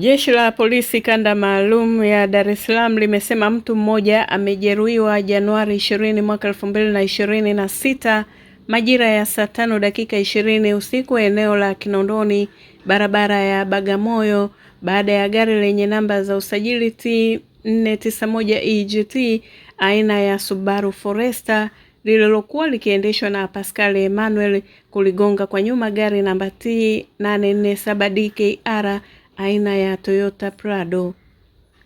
Jeshi la polisi kanda maalum ya Dar es Salaam limesema mtu mmoja amejeruhiwa Januari 20 mwaka 2026 majira ya saa tano dakika ishirini usiku eneo la Kinondoni barabara ya Bagamoyo baada ya gari lenye namba za usajili T 491 EGT aina ya Subaru Forester lililokuwa likiendeshwa na Pascal Emmanuel kuligonga kwa nyuma gari namba T 847 DKR aina ya Toyota Prado.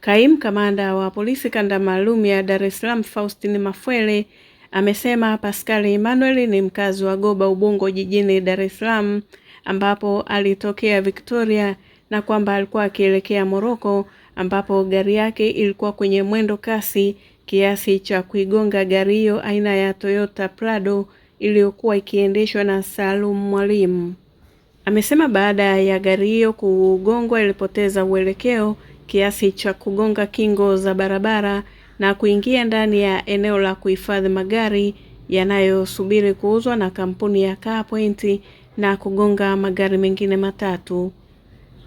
Kaimu kamanda wa polisi kanda maalum ya Dar es Salaam Faustin Mafwele amesema paskali Emmanuel ni mkazi wa Goba Ubungo jijini Dar es Salaam ambapo alitokea Victoria na kwamba alikuwa akielekea Moroko ambapo gari yake ilikuwa kwenye mwendo kasi kiasi cha kuigonga gari hiyo aina ya Toyota Prado iliyokuwa ikiendeshwa na Salum Mwalimu. Amesema baada ya gari hiyo kugongwa ilipoteza uelekeo kiasi cha kugonga kingo za barabara na kuingia ndani ya eneo la kuhifadhi magari yanayosubiri kuuzwa na kampuni ya CarPoint na kugonga magari mengine matatu.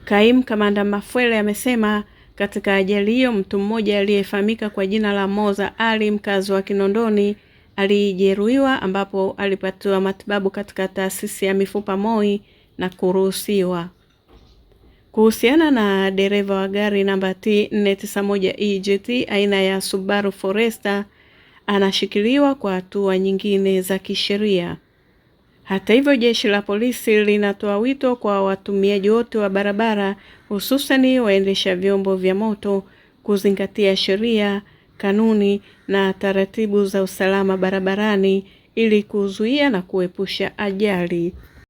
Kaimu Kamanda Mafwele amesema katika ajali hiyo mtu mmoja aliyefahamika kwa jina la Moza Ali mkazi wa Kinondoni alijeruhiwa ambapo alipatiwa matibabu katika taasisi ya mifupa MOI na kuruhusiwa. Kuhusiana na dereva wa gari namba T491 EJT aina ya Subaru Forester anashikiliwa kwa hatua nyingine za kisheria. Hata hivyo, jeshi la polisi linatoa wito kwa watumiaji wote wa barabara, hususani waendesha vyombo vya moto kuzingatia sheria, kanuni na taratibu za usalama barabarani ili kuzuia na kuepusha ajali.